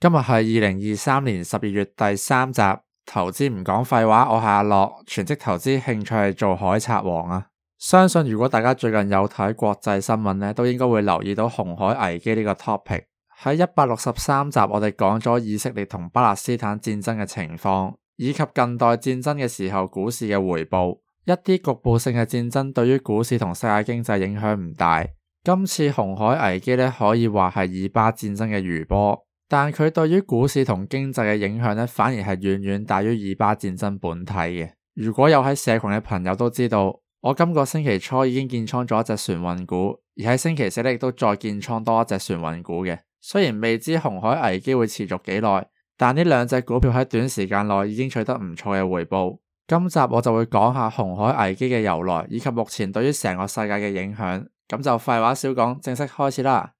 今日係二零二三年十二月第三集投資唔講廢話，我係阿樂全職投資，興趣係做海賊王啊。相信如果大家最近有睇國際新聞咧，都應該會留意到紅海危機呢個 topic。喺一百六十三集，我哋講咗以色列同巴勒斯坦戰爭嘅情況，以及近代戰爭嘅時候股市嘅回報。一啲局部性嘅戰爭對於股市同世界經濟影響唔大。今次紅海危機咧，可以話係以巴戰爭嘅餘波。但佢對於股市同經濟嘅影響呢，反而係遠遠大於以巴戰爭本體嘅。如果有喺社群嘅朋友都知道，我今個星期初已經建倉咗一隻船運股，而喺星期四呢亦都再建倉多一隻船運股嘅。雖然未知紅海危機會持續幾耐，但呢兩隻股票喺短時間內已經取得唔錯嘅回報。今集我就會講下紅海危機嘅由來，以及目前對於成個世界嘅影響。咁就廢話少講，正式開始啦。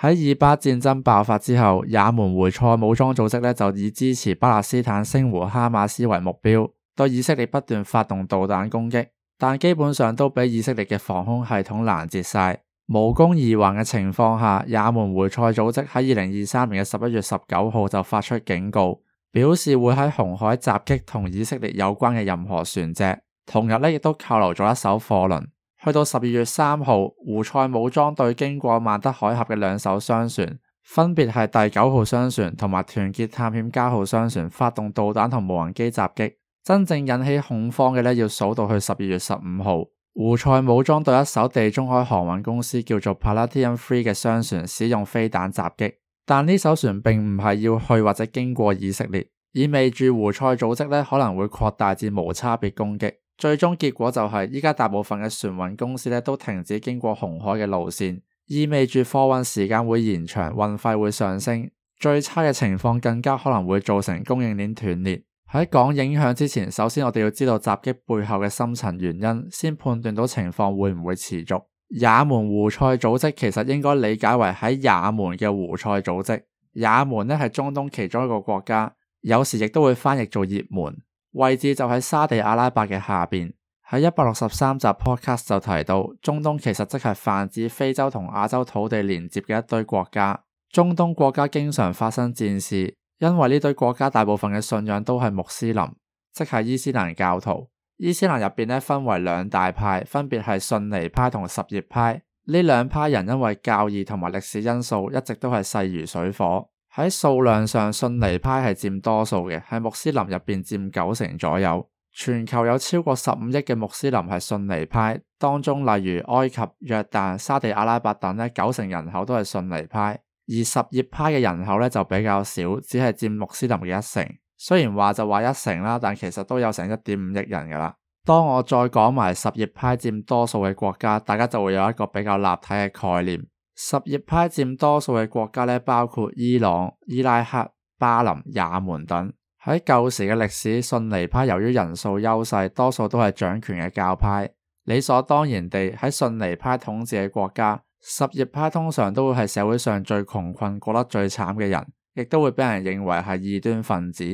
喺以巴戰爭爆發之後，也門回塞武裝組織就以支持巴勒斯坦星湖哈馬斯為目標，對以色列不斷發動導彈攻擊，但基本上都被以色列嘅防空系統攔截晒。無功而還嘅情況下，也門回塞組織喺二零二三年嘅十一月十九號就發出警告，表示會喺紅海襲擊同以色列有關嘅任何船隻。同日呢，亦都扣留咗一艘貨輪。去到十二月三號，胡塞武裝隊經過曼德海峽嘅兩艘商船，分別係第九號商船同埋團結探險家號商船，發動導彈同無人機襲擊。真正引起恐慌嘅，呢，要數到去十二月十五號，胡塞武裝隊一艘地中海航運公司叫做 Palatium III 嘅商船，使用飛彈襲擊。但呢艘船並唔係要去或者經過以色列，意味住胡塞組織呢可能會擴大至無差別攻擊。最終結果就係、是，依家大部分嘅船運公司都停止經過紅海嘅路線，意味住貨運時間會延長，運費會上升。最差嘅情況更加可能會造成供應鏈斷裂。喺講影響之前，首先我哋要知道襲擊背後嘅深層原因，先判斷到情況會唔會持續。也門胡塞組織其實應該理解為喺也門嘅胡塞組織。也門咧係中東其中一個國家，有時亦都會翻譯做葉門。位置就喺沙地阿拉伯嘅下邊，喺一百六十三集 podcast 就提到，中東其實即係泛指非洲同亞洲土地連接嘅一堆國家。中東國家經常發生戰事，因為呢堆國家大部分嘅信仰都係穆斯林，即係伊斯蘭教徒。伊斯蘭入邊咧分為兩大派，分別係遜尼派同什葉派。呢兩派人因為教義同埋歷史因素，一直都係勢如水火。喺數量上，遜尼派係占多數嘅，喺穆斯林入邊占九成左右。全球有超過十五億嘅穆斯林係遜尼派，當中例如埃及、約旦、沙地阿拉伯等咧，九成人口都係遜尼派。而什葉派嘅人口咧就比較少，只係占穆斯林嘅一成。雖然話就話一成啦，但其實都有成一點五億人噶啦。當我再講埋什葉派佔多數嘅國家，大家就會有一個比較立體嘅概念。什葉派佔多數嘅國家咧，包括伊朗、伊拉克、巴林、也門等。喺舊時嘅歷史，遜尼派由於人數優勢，多數都係掌權嘅教派。理所當然地喺遜尼派統治嘅國家，什葉派通常都會係社會上最窮困、過得最慘嘅人，亦都會俾人認為係異端分子。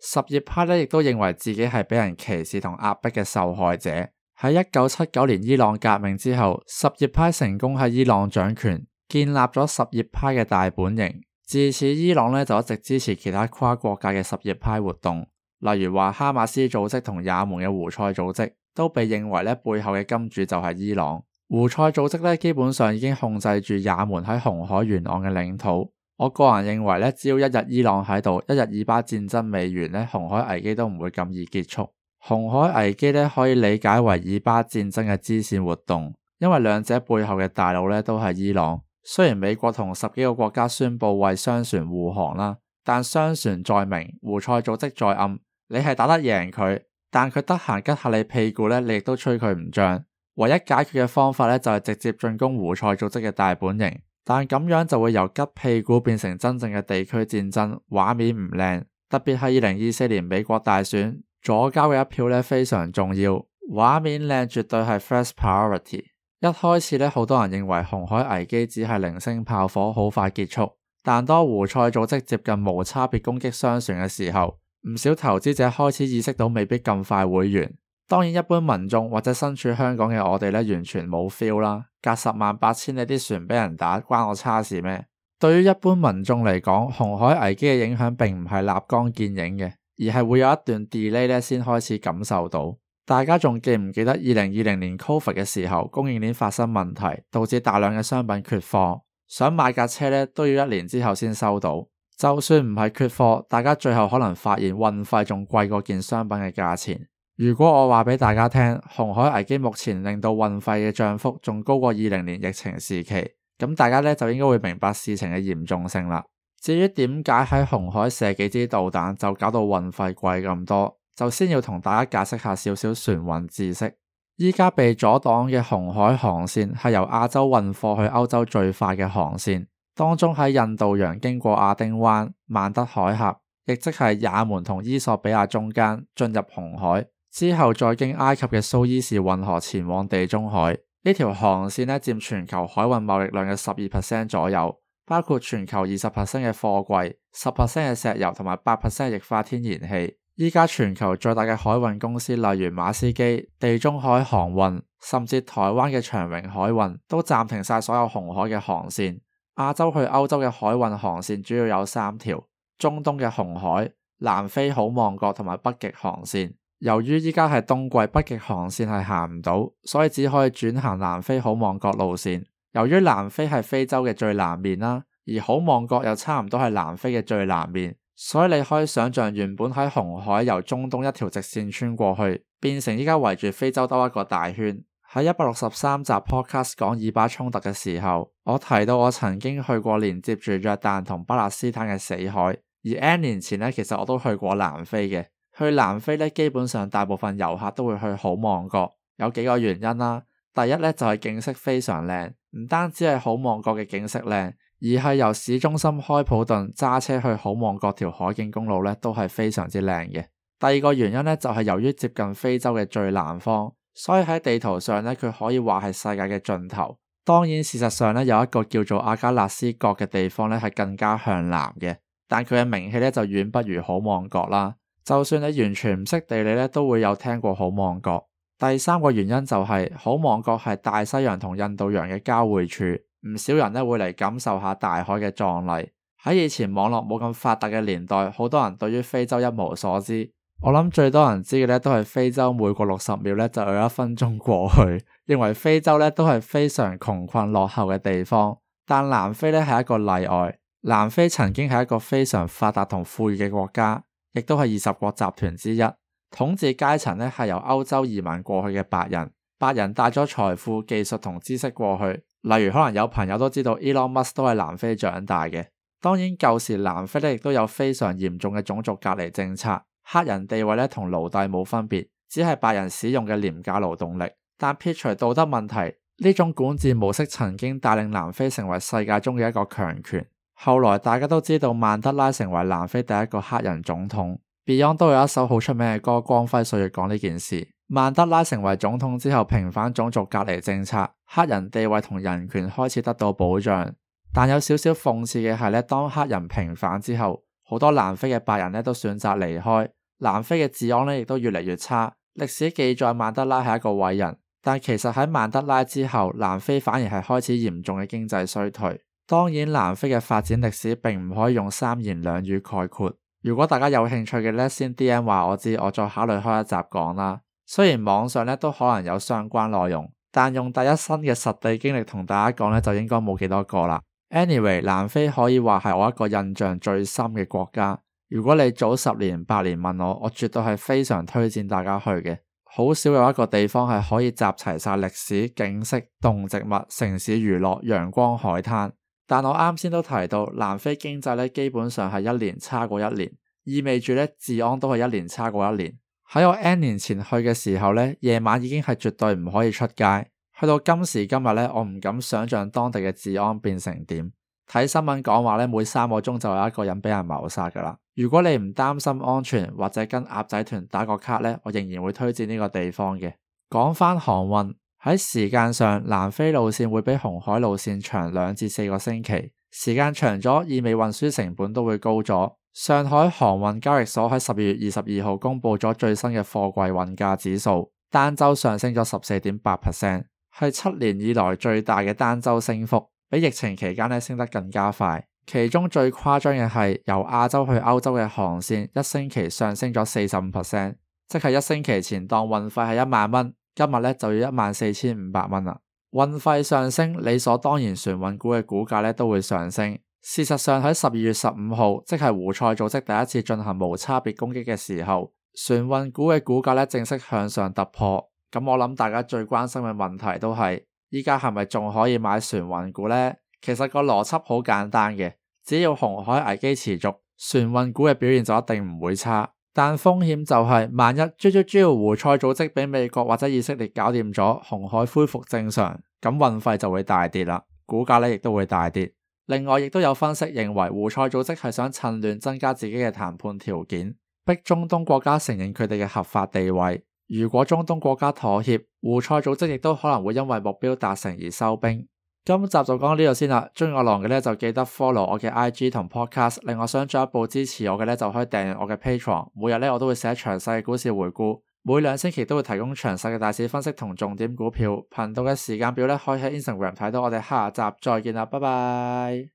什葉派咧亦都認為自己係俾人歧視同壓迫嘅受害者。喺一九七九年伊朗革命之後，什葉派成功喺伊朗掌權。建立咗什葉派嘅大本營，自此伊朗咧就一直支持其他跨國界嘅什葉派活動，例如話哈馬斯組織同也門嘅胡塞組織都被認為咧背後嘅金主就係伊朗。胡塞組織咧基本上已經控制住也門喺紅海沿岸嘅領土。我個人認為咧，只要一日伊朗喺度，一日以巴戰爭未完咧，紅海危機都唔會咁易結束。紅海危機咧可以理解為以巴戰爭嘅支線活動，因為兩者背後嘅大佬咧都係伊朗。雖然美國同十幾個國家宣布為商船護航啦，但商船在明，胡塞組織在暗。你係打得贏佢，但佢得閒吉下你屁股咧，你亦都吹佢唔脹。唯一解決嘅方法咧，就係直接進攻胡塞組織嘅大本營，但咁樣就會由吉屁股變成真正嘅地區戰爭，畫面唔靚。特別係二零二四年美國大選，左膠嘅一票咧非常重要，畫面靚絕對係 first priority。一開始咧，好多人認為紅海危機只係零星炮火，好快結束。但當胡塞組織接近無差別攻擊商船嘅時候，唔少投資者開始意識到未必咁快會完。當然，一般民眾或者身處香港嘅我哋咧，完全冇 feel 啦。隔十萬八千里啲船俾人打，關我叉事咩？對於一般民眾嚟講，紅海危機嘅影響並唔係立竿見影嘅，而係會有一段 delay 咧先開始感受到。大家仲記唔記得二零二零年 Covid 嘅時候，供應鏈發生問題，導致大量嘅商品缺貨，想買架車呢，都要一年之後先收到。就算唔係缺貨，大家最後可能發現運費仲貴過件商品嘅價錢。如果我話俾大家聽，紅海危機目前令到運費嘅漲幅仲高過二零年疫情時期，咁大家呢，就應該會明白事情嘅嚴重性啦。至於點解喺紅海射幾支導彈就搞到運費貴咁多？就先要同大家解釋下少少船運知識。而家被阻擋嘅紅海航線係由亞洲運貨去歐洲最快嘅航線，當中喺印度洋經過亞丁灣、曼德海峽，亦即係也門同伊索比亞中間進入紅海，之後再經埃及嘅蘇伊士運河前往地中海。呢條航線咧，佔全球海運貿易量嘅十二 percent 左右，包括全球二十 percent 嘅貨櫃、十 percent 嘅石油同埋八 percent 嘅液化天然氣。而家全球最大嘅海運公司，例如馬斯基、地中海航運，甚至台灣嘅長榮海運，都暫停晒所有紅海嘅航線。亞洲去歐洲嘅海運航線主要有三條：中東嘅紅海、南非好望角同埋北極航線。由於而家係冬季，北極航線係行唔到，所以只可以轉行南非好望角路線。由於南非係非洲嘅最南面啦，而好望角又差唔多係南非嘅最南面。所以你可以想象，原本喺紅海由中東一條直線穿過去，變成依家圍住非洲兜一個大圈。喺一百六十三集 Podcast 講以巴衝突嘅時候，我提到我曾經去過連接住約旦同巴勒斯坦嘅死海，而 n 年前呢，其實我都去過南非嘅。去南非咧，基本上大部分遊客都會去好望角，有幾個原因啦。第一咧就係景色非常靚。唔單止係好望角嘅景色靚，而係由市中心開普頓揸車去好望角條海景公路咧，都係非常之靚嘅。第二個原因咧，就係由於接近非洲嘅最南方，所以喺地圖上咧，佢可以話係世界嘅盡頭。當然事實上咧，有一個叫做阿加納斯角嘅地方咧，係更加向南嘅，但佢嘅名氣咧就遠不如好望角啦。就算你完全唔識地理咧，都會有聽過好望角。第三個原因就係好望角係大西洋同印度洋嘅交匯處，唔少人咧會嚟感受下大海嘅壯麗。喺以前網絡冇咁發達嘅年代，好多人對於非洲一無所知。我諗最多人知嘅咧都係非洲每過六十秒咧就有一分鐘過去，認為非洲咧都係非常窮困落後嘅地方。但南非咧係一個例外，南非曾經係一個非常發達同富裕嘅國家，亦都係二十國集團之一。統治階層咧係由歐洲移民過去嘅白人，白人帶咗財富、技術同知識過去。例如，可能有朋友都知道，Elon Musk 都係南非長大嘅。當然，舊時南非咧亦都有非常嚴重嘅種族隔離政策，黑人地位咧同奴隸冇分別，只係白人使用嘅廉價勞動力。但撇除道德問題，呢種管治模式曾經帶領南非成為世界中嘅一個強權。後來大家都知道，曼德拉成為南非第一個黑人總統。Beyond 都有一首好出名嘅歌《光輝歲月》，講呢件事。曼德拉成為總統之後，平反種族隔離政策，黑人地位同人權開始得到保障。但有少少諷刺嘅係呢，當黑人平反之後，好多南非嘅白人呢都選擇離開，南非嘅治安呢亦都越嚟越差。歷史記載曼德拉係一個偉人，但其實喺曼德拉之後，南非反而係開始嚴重嘅經濟衰退。當然，南非嘅發展歷史並唔可以用三言兩語概括。如果大家有興趣嘅咧，先 DM 話我知，我再考慮開一集講啦。雖然網上咧都可能有相關內容，但用第一身嘅實地經歷同大家講咧，就應該冇幾多個啦。Anyway，南非可以話係我一個印象最深嘅國家。如果你早十年、八年問我，我絕對係非常推薦大家去嘅。好少有一個地方係可以集齊晒歷史、景色、動植物、城市娛樂、娛樂、陽光、海灘。但我啱先都提到南非經濟咧，基本上係一年差過一年，意味住咧治安都係一年差過一年。喺我 n 年前去嘅時候咧，夜晚已經係絕對唔可以出街。去到今時今日咧，我唔敢想象當地嘅治安變成點。睇新聞講話咧，每三個鐘就有一個人俾人謀殺噶啦。如果你唔擔心安全或者跟鴨仔團打個卡咧，我仍然會推薦呢個地方嘅。講翻航運。喺時間上，南非路線會比紅海路線長兩至四個星期，時間長咗，意味運輸成本都會高咗。上海航運交易所喺十二月二十二號公佈咗最新嘅貨櫃運價指數，單周上升咗十四點八 percent，係七年以來最大嘅單周升幅，比疫情期間咧升得更加快。其中最誇張嘅係由亞洲去歐洲嘅航線，一星期上升咗四十五 percent，即係一星期前當運費係一萬蚊。今日咧就要一萬四千五百蚊啦，運費上升，理所當然船運股嘅股價咧都會上升。事實上喺十二月十五號，即係胡塞組織第一次進行無差別攻擊嘅時候，船運股嘅股價咧正式向上突破。咁我諗大家最關心嘅問題都係，依家係咪仲可以買船運股呢？其實個邏輯好簡單嘅，只要紅海危機持續，船運股嘅表現就一定唔會差。但風險就係、是，萬一追追追胡塞組織俾美國或者以色列搞掂咗，紅海恢復正常，咁運費就會大跌啦，股價呢亦都會大跌。另外，亦都有分析認為，胡塞組織係想趁亂增加自己嘅談判條件，逼中東國家承認佢哋嘅合法地位。如果中東國家妥協，胡塞組織亦都可能會因為目標達成而收兵。今集就講到這裏呢度先啦。鍾意我郎嘅呢就記得 follow 我嘅 IG 同 podcast。另外，想進一步支持我嘅呢，就可以訂閱我嘅 Patreon。每日呢我都會寫詳細嘅股市回顧，每兩星期都會提供詳細嘅大市分析同重點股票。頻道嘅時間表呢可以喺 Instagram 睇到。我哋下集再見啦，拜拜。